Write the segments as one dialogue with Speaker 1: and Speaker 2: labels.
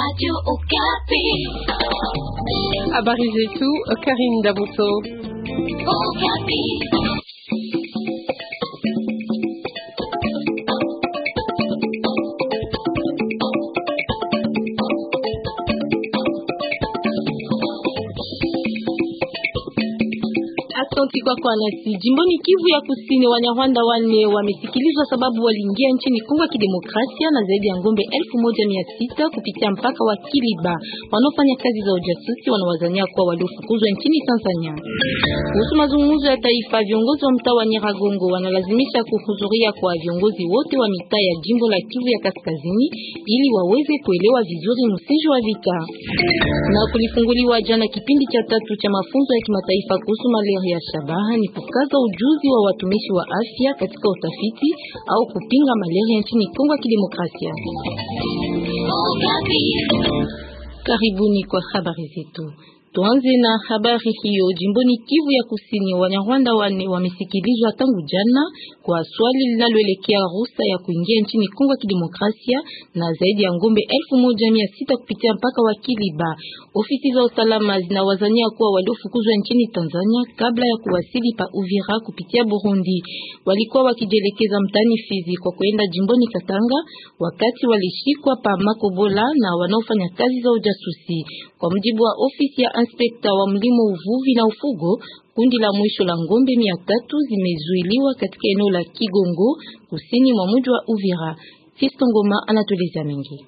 Speaker 1: Radio Okapi. Habari Barizetou, Karine dabuto Okapi. Asante kwa nasi. Jimboni Kivu ya Kusini, Wanyarwanda wanne wamesikilizwa sababu waliingia nchini Kongo ya Kidemokrasia na zaidi ya ngombe elfu moja sita kupitia mpaka wa Kiliba. Wanaofanya kazi za ujasusi wanawazania kuwa waliofukuzwa nchini Tanzania. Kuhusu mazungumzo ya taifa, viongozi wa mtaa wa Nyiragongo wanalazimisha kuhudhuria kwa viongozi wote wa mitaa ya jimbo la Kivu ya Kaskazini ili waweze kuelewa vizuri msejo wa vita. Na kulifunguliwa jana kipindi cha tatu cha mafunzo ya kimataifa kuhusu malaria shabaha ni kukaza ujuzi wa watumishi wa afya katika utafiti au kupinga malaria nchini Kongo ya Kidemokrasia. Karibuni kwa habari zetu. Tuanze na habari hiyo. Jimboni Kivu ya Kusini, Wanyarwanda wane wamesikilizwa tangu jana kwa swali linaloelekea ruhusa ya kuingia nchini Kongo ya Kidemokrasia na zaidi ya ngombe 1600 kupitia mpaka wa Kiliba. Ofisi za usalama zinawazania kuwa waliofukuzwa nchini Tanzania kabla ya kuwasili pa Uvira kupitia Burundi walikuwa wakijelekeza mtani Fizi kwa kuenda jimboni Katanga, wakati walishikwa pa Makobola na wanaofanya kazi za ujasusi, kwa mjibu wa ofisi ya inspekta wa mlimo, uvuvi na ufugo, kundi la mwisho la ngombe mia tatu zimezuiliwa katika eneo la Kigongo kusini mwa mji wa Uvira. Fisto Ngoma anatueleza mengi.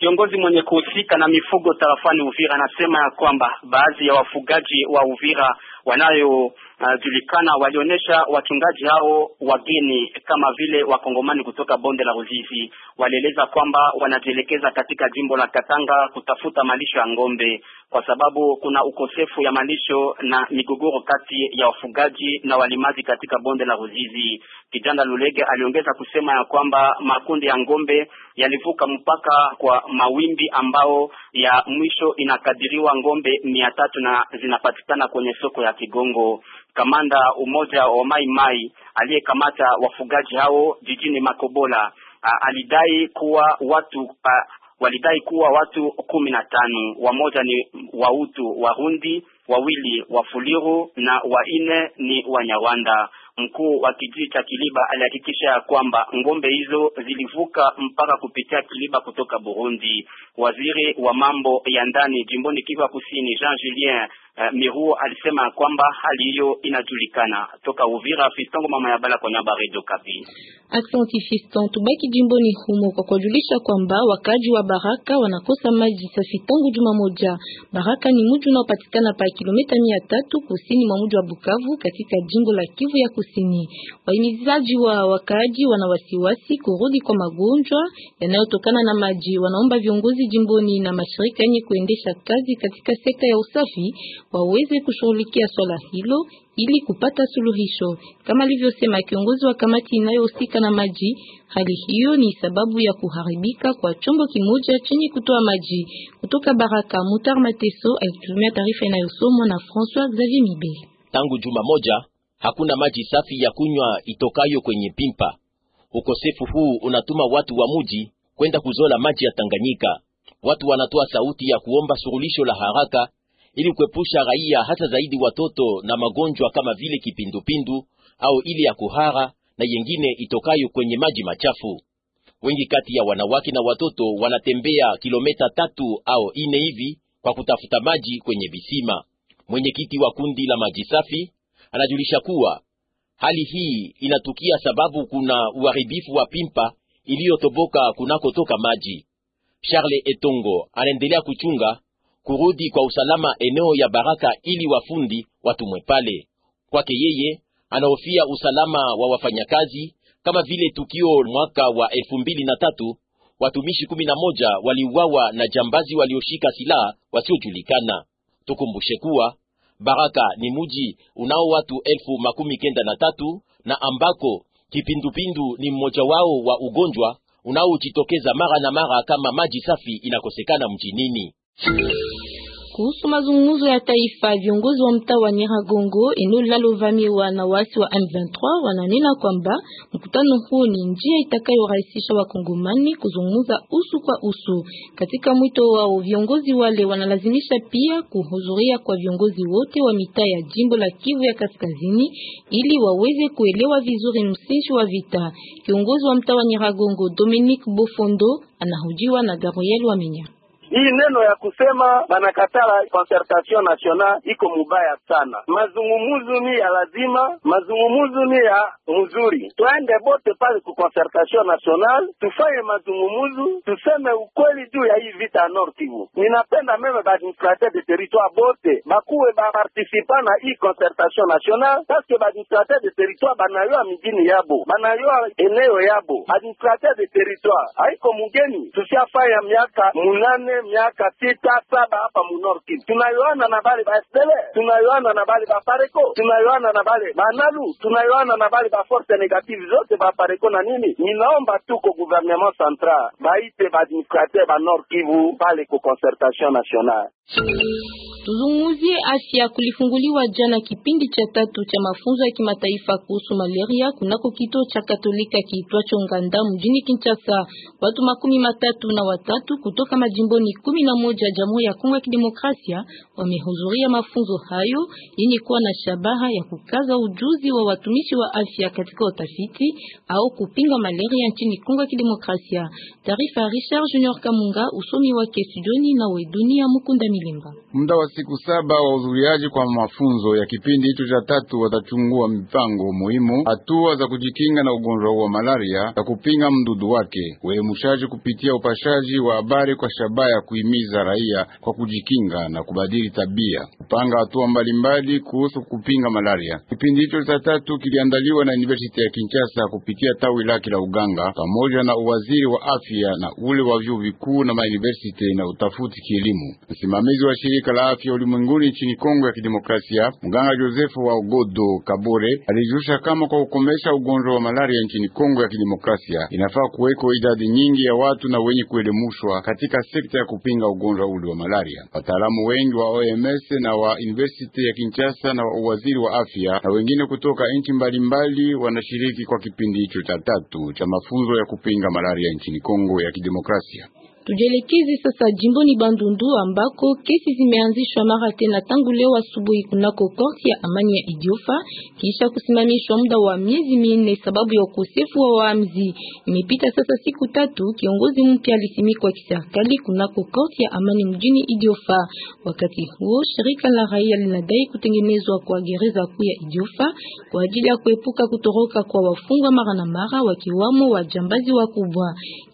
Speaker 2: Kiongozi mwenye kuhusika na mifugo tarafani Uvira anasema ya kwamba baadhi ya wafugaji wa Uvira wanayojulikana uh, walionyesha wachungaji hao wageni kama vile wakongomani kutoka bonde la Ruzizi. Walieleza kwamba wanajielekeza katika jimbo la Katanga kutafuta malisho ya ng'ombe kwa sababu kuna ukosefu ya malisho na migogoro kati ya wafugaji na walimaji katika bonde la Ruzizi. Kijana Lulege aliongeza kusema ya kwamba makundi ya ng'ombe yalivuka mpaka kwa mawimbi ambao ya mwisho inakadiriwa ng'ombe mia tatu na zinapatikana kwenye soko ya Kigongo. Kamanda umoja wa Mai Mai aliyekamata wafugaji hao jijini Makobola alidai kuwa watu a, walidai kuwa watu kumi na tano, wamoja ni wautu Warundi, wawili Wafuliru na wanne ni wanyawanda Mkuu wa kijiji cha Kiliba alihakikisha kwamba ng'ombe hizo zilivuka mpaka kupitia Kiliba kutoka Burundi. Waziri wa mambo ya ndani jimboni Kivu Kusini Jean Julien Uh, Miruo alisema kwamba hali hiyo inajulikana toka Uvira. Fiston mama ya bala kwa nyaba Radio Kapi.
Speaker 1: Asante Fiston, tubaki jimboni humo kwa kujulisha kwamba wakaji wa Baraka wanakosa maji safi tangu juma moja. Baraka ni mji unaopatikana pa kilomita 300 kusini mwa mji wa Bukavu katika jimbo la Kivu ya Kusini. Waimizaji wa wakaji wana wasiwasi kurudi kwa magonjwa yanayotokana na maji. Wanaomba viongozi jimboni na mashirika yenye kuendesha kazi katika sekta ya usafi waweze kushughulikia swala hilo ili kupata suluhisho, kama alivyosema kiongozi wa kamati inayohusika na maji. Hali hiyo ni sababu ya kuharibika kwa chombo kimoja chenye kutoa maji kutoka Baraka. Mutar Mateso alitumia taarifa inayosomwa na François Xavier Mibe.
Speaker 3: Tangu juma moja hakuna maji safi ya kunywa itokayo kwenye pimpa. Ukosefu huu unatuma watu wa muji kwenda kuzola maji ya Tanganyika. Watu wanatoa sauti ya kuomba suluhisho la haraka ili kuepusha raia hata zaidi watoto na magonjwa kama vile kipindupindu au ile ya kuhara na yengine itokayo kwenye maji machafu. Wengi kati ya wanawake na watoto wanatembea kilomita tatu au ine hivi kwa kutafuta maji kwenye visima. Mwenyekiti wa kundi la maji safi anajulisha kuwa hali hii inatukia sababu kuna uharibifu wa pimpa iliyotoboka kunakotoka maji. Charles Etongo anaendelea kuchunga kurudi kwa usalama eneo ya Baraka ili wafundi watumwe pale kwake. Yeye anahofia usalama wa wafanyakazi, kama vile tukio mwaka wa elfu mbili na tatu watumishi kumi na moja waliuawa na jambazi walioshika silaha wasiojulikana. Tukumbushe kuwa Baraka ni muji unao watu elfu makumi kenda na tatu na ambako kipindupindu ni mmoja wao wa ugonjwa unaojitokeza mara na mara kama maji safi inakosekana mjinini
Speaker 1: kuhusu mazungumzo ya taifa, viongozi wa mtaa wa Nyiragongo, eneo linalovamiwa na waasi wa M23, wananena kwamba mkutano huu ni njia itakayorahisisha wakongomani kuzungumza uso kwa uso. Katika mwito wao, viongozi wale wanalazimisha pia kuhudhuria kwa viongozi wote wa mitaa ya jimbo la Kivu ya Kaskazini ili waweze kuelewa vizuri msingi wa vita. Kiongozi wa mtaa wa Nyiragongo, Dominique Bofondo, anahojiwa na Gabriel Wamenya.
Speaker 2: Hii neno ya kusema banakatala concertation national iko mubaya sana. Mazungumuzu ni ya lazima, mazungumuzu ni ya mzuri. Twende bote pale ku concertation national, tufanye mazungumuzu, tuseme ukweli juu ya hii vita ya Nord Kivu. Ninapenda meme baadministrateur de territoire bote bakuwe baparticipa na hii concertation national, paske baadministrateur de territoire banayoa mijini yabo, banayoa eneo yabo. Administrateur de territoire haiko mugeni, tushafanya miaka munane yeye miaka sita saba hapa munorki, tunayoana na bale ba SDL, tunayoana na bale ba Pareko, tunayoana na bale ba Nalu, tunayoana na bale ba force negative zote ba Pareko na nini. Ninaomba tuko gouvernement central baite ba administrateur ba Nord Kivu bale ko concertation nationale
Speaker 1: Tuzungumzie afya. Kulifunguliwa jana kipindi cha tatu cha mafunzo ya kimataifa kuhusu malaria kunako kituo cha Katolika kiitwacho Nganda mjini Kinshasa. Watu makumi matatu na watatu kutoka majimboni kumi na moja ya Jamhuri ya Kongo ya Kidemokrasia wamehudhuria mafunzo hayo yenye kuwa na shabaha ya kukaza ujuzi wa watumishi wa afya katika utafiti au kupinga malaria nchini Kongo ya Kidemokrasia. Taarifa ya Richard Junior Kamunga, usomi wake studioni na Weduni ya Mukunda Milimba
Speaker 4: siku saba wa uzuriaji kwa mafunzo ya kipindi hicho cha tatu watachungua mipango muhimu, hatua za kujikinga na ugonjwa wa malaria na kupinga mdudu wake, uelimushaji kupitia upashaji wa habari kwa shabaha ya kuhimiza raia kwa kujikinga na kubadili tabia, kupanga hatua mbalimbali kuhusu kupinga malaria. Kipindi hicho cha tatu kiliandaliwa na University ya Kinshasa kupitia tawi lake la uganga pamoja na uwaziri wa afya na ule wa vyuo vikuu na mauniversity na utafuti kielimu. Msimamizi wa shirika la afya ya ulimwenguni nchini Kongo ya Kidemokrasia, mganga Josefu wa Ugodo Kabore alijulisha kama kwa kukomesha ugonjwa wa malaria nchini Kongo ya Kidemokrasia inafaa kuweko idadi nyingi ya watu na wenye kuelemushwa katika sekta ya kupinga ugonjwa ule wa malaria. Wataalamu wengi wa OMS na wa University ya Kinshasa na wa waziri wa afya na wengine kutoka nchi mbalimbali wanashiriki kwa kipindi hicho cha tatu cha mafunzo ya kupinga malaria nchini Kongo ya Kidemokrasia.
Speaker 1: Tujelekezi sasa jimboni Bandundu ambako kesi zimeanzishwa mara tena tangu leo asubuhi kunako korti ya amani ya Idiofa kisha kusimamishwa muda wa miezi minne sababu ya ukosefu wa waamzi. Imepita sasa siku tatu, kiongozi mpya alisimikwa kiserikali kunako korti ya amani mjini Idiofa. Wakati huo shirika la raia linadai kutengenezwa kwa gereza kuu ya Idiofa kwa ajili ya kuepuka kutoroka kwa wafungwa mara na mara wakiwamo wajambazi wakubwa.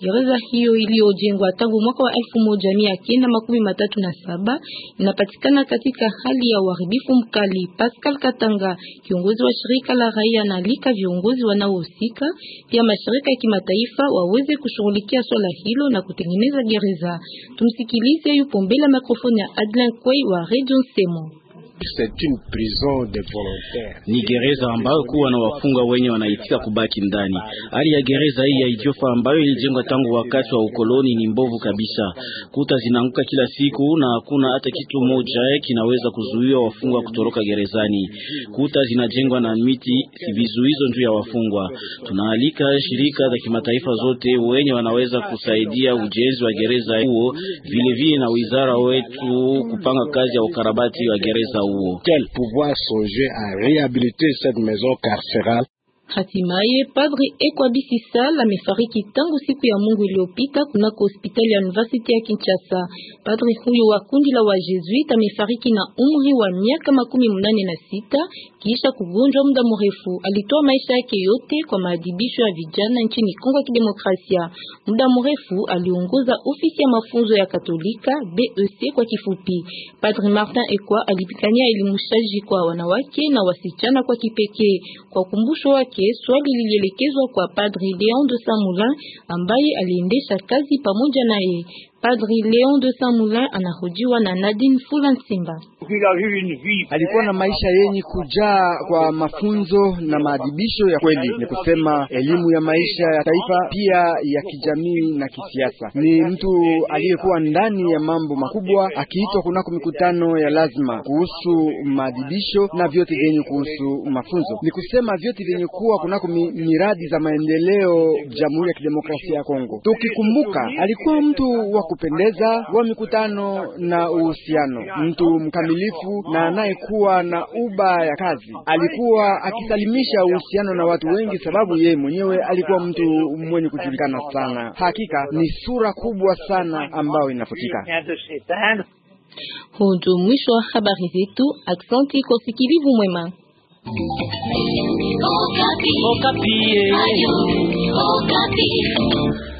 Speaker 1: Gereza hiyo iliyojengwa tangu mwaka wa elfu moja mia kenda makumi matatu na saba inapatikana katika hali ya uharibifu mkali. Pascal Katanga, kiongozi wa shirika la raia, na lika viongozi wanaohusika pia mashirika ya kimataifa waweze kushughulikia swala hilo na kutengeneza gereza. Tumsikilize, yupo mbele ya mikrofoni ya Adlan Kwei wa Radio Nsemo
Speaker 3: ni gereza ambayo kuwa na wafunga wenye wanaitika kubaki ndani. Hali ya gereza hii ya Idiofa ambayo ilijengwa tangu wakati wa ukoloni ni mbovu kabisa. Kuta zinaanguka kila siku na hakuna hata kitu moja kinaweza kuzuia wafungwa kutoroka gerezani. Kuta zinajengwa na miti, si vizuizo juu ya wafungwa. Tunaalika shirika za kimataifa zote wenye wanaweza kusaidia ujenzi wa gereza huo, vile vile na wizara wetu kupanga kazi ya ukarabati wa gereza
Speaker 4: Quel pouvoir pouvoir songer à réhabiliter cette maison carcérale
Speaker 1: Hatimaye Padri Ekwabi Sisal amefariki tangu siku ya Mungu iliyopita kunako hospitali ya University ya Kinshasa. Padri huyo wa kundi la wa Jesuit amefariki na umri wa miaka makumi mnane na sita kisha kugonjwa muda mrefu. Alitoa maisha yake yote kwa maadibisho ya vijana nchini Kongo ya Kidemokrasia. Muda mrefu aliongoza ofisi ya mafunzo ya Katolika BEC kwa kifupi. Padri Martin Ekwa alipigania elimu shaji kwa wanawake na wasichana kwa kipekee kwa kumbusho wake quais lilielekezwa kwa Padri Leon de moulin, ambaye aliendesha kazi pamoja naye. Padri Leon de Saint-Moulin anahojiwa na Nadine Simba.
Speaker 2: Alikuwa na maisha yenye kujaa kwa mafunzo na maadibisho ya kweli, ni kusema elimu ya maisha ya taifa, pia ya kijamii na kisiasa. Ni mtu aliyekuwa ndani ya mambo makubwa, akiitwa kunako mikutano ya lazima kuhusu maadibisho na vyote vyenye kuhusu mafunzo, ni kusema vyote vyenye kuwa kunako miradi za maendeleo Jamhuri ya Kidemokrasia ya Kongo. Tukikumbuka alikuwa mtu wa kupendeza wa mikutano na uhusiano. Mtu mkamilifu na anayekuwa na uba ya kazi, alikuwa akisalimisha uhusiano na watu wengi, sababu yeye mwenyewe alikuwa mtu mwenye kujulikana sana. Hakika ni sura kubwa sana
Speaker 1: ambayo inafutika. Huu ndio mwisho wa habari zetu. Aksanti kwa usikilivu mwema. Okapi. Okapi.